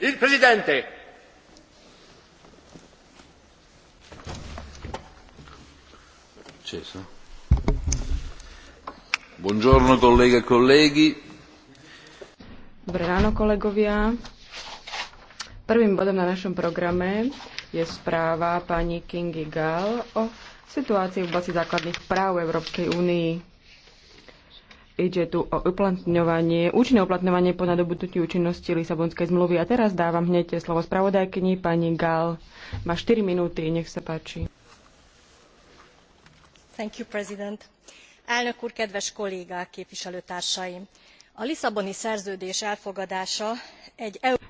Il Presidente. Acceso. Buongiorno colleghe e colleghi. Brano kolegovia. Prvým bodom na našom programe je správa pani Kingy Gall o situácii v oblasti základných práv Európskej únii. Ide tu o uplatňovanie, účinné uplatňovanie po nadobudnutí účinnosti Lisabonskej zmluvy. A teraz dávam hneď slovo spravodajkyni pani Gal. Má 4 minúty, nech sa páči. Thank you, President. Elnök úr, kedves kollégák, képviselőtársaim! A Lisszaboni szerződés elfogadása egy EU...